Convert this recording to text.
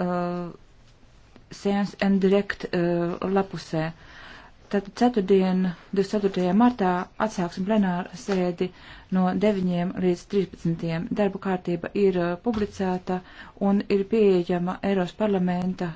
uh, Science and Direct uh, lapusē. Tad ceturtdien, 24. martā, atsāksim plenāru sēdi no 9 līdz 13. Darba kārtība ir uh, publicēta un ir pieejama Eiros parlamenta